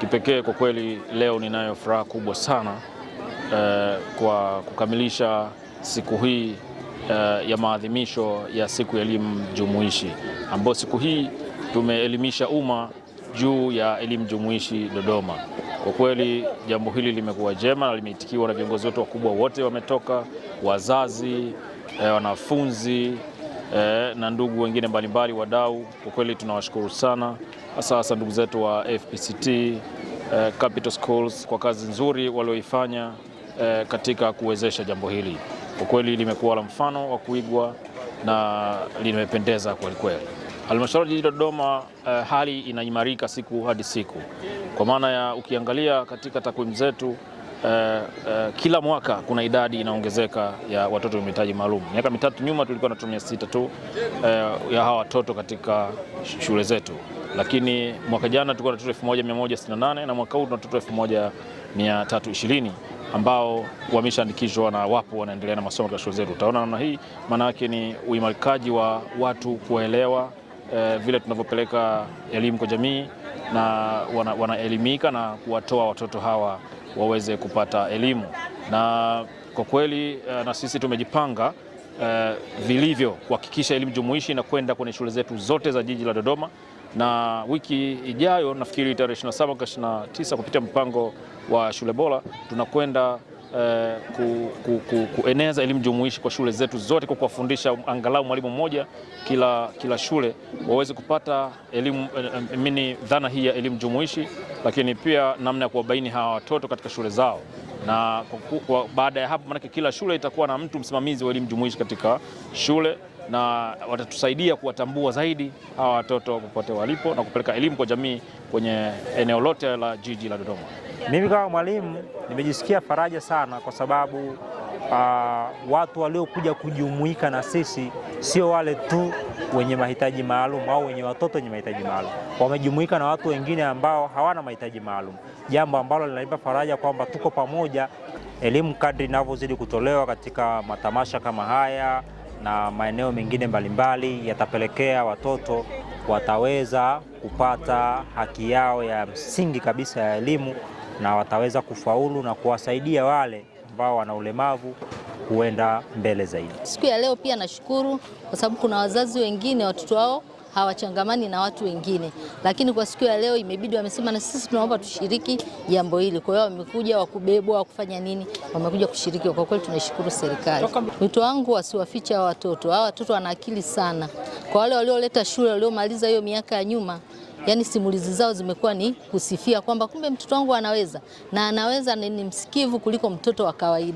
Kipekee kwa kweli leo ninayo furaha kubwa sana eh, kwa kukamilisha siku hii eh, ya maadhimisho ya siku ya elimu jumuishi, ambapo siku hii tumeelimisha umma juu ya elimu jumuishi Dodoma. Kwa kweli jambo hili limekuwa jema na limeitikiwa na viongozi wetu wakubwa, wote wametoka, wazazi eh, wanafunzi eh, na ndugu wengine mbalimbali wadau. Kwa kweli tunawashukuru sana hasa hasa ndugu zetu wa FPCT uh, eh, Capital Schools kwa kazi nzuri walioifanya uh, katika kuwezesha jambo hili. Kwa kweli limekuwa la mfano wa kuigwa na limependeza kwelikweli. Halmashauri jijini Dodoma uh, hali inaimarika siku hadi siku, kwa maana ya ukiangalia katika takwimu zetu uh, uh, kila mwaka kuna idadi inaongezeka ya watoto wenye mahitaji maalum. Miaka mitatu nyuma tulikuwa na asilimia sita tu uh, ya hawa watoto katika shule zetu lakini mwaka jana tulikuwa na watoto 1168 na mwaka huu tuna watoto 1320 ambao wameshaandikishwa na wapo wanaendelea na masomo katika shule zetu. Utaona namna hii, maana yake ni uimarikaji wa watu kuelewa e, vile tunavyopeleka elimu kwa jamii na wanaelimika wana na kuwatoa watoto hawa waweze kupata elimu, na kwa kweli e, na sisi tumejipanga eh, vilivyo kuhakikisha elimu jumuishi na kwenda kwenye shule zetu zote za jiji la Dodoma na wiki ijayo nafikiri tarehe 27 kwa 29 kupitia mpango wa shule bora tunakwenda eh, ku, ku, ku, kueneza elimu jumuishi kwa shule zetu zote kwa kuwafundisha angalau mwalimu mmoja kila, kila shule waweze kupata elimu eh, eh mini dhana hii ya elimu jumuishi, lakini pia namna ya kuwabaini hawa watoto katika shule zao na kwa, kwa, baada ya hapo, maanake kila shule itakuwa na mtu msimamizi wa elimu jumuishi katika shule na watatusaidia kuwatambua zaidi hawa watoto popote walipo na kupeleka elimu kwa jamii kwenye eneo lote la jiji la Dodoma. Mimi kama mwalimu nimejisikia faraja sana kwa sababu uh, watu waliokuja kujumuika na sisi sio wale tu wenye mahitaji maalum au wenye watoto wenye mahitaji maalum, wamejumuika na watu wengine ambao hawana mahitaji maalum, jambo ambalo linanipa faraja kwamba tuko pamoja. Elimu kadri inavyozidi kutolewa katika matamasha kama haya na maeneo mengine mbalimbali yatapelekea watoto wataweza kupata haki yao ya msingi kabisa ya elimu na wataweza kufaulu na kuwasaidia wale ambao wana ulemavu kuenda mbele zaidi. Siku ya leo pia nashukuru kwa sababu kuna wazazi wengine watoto wao hawachangamani na watu wengine, lakini kwa siku ya leo imebidi wamesema, na sisi tunaomba tushiriki jambo hili. Kwa hiyo wamekuja, wakubebwa, wakufanya nini, wamekuja kushiriki. Kwa kweli tunashukuru serikali. Wito wangu wasiwafiche hawa watoto, hawa watoto wana akili sana. Kwa wale walioleta shule, waliomaliza hiyo miaka ya nyuma Yaani simulizi zao zimekuwa ni kusifia kwamba kumbe mtoto wangu anaweza na anaweza, ni msikivu kuliko mtoto wa kawaida.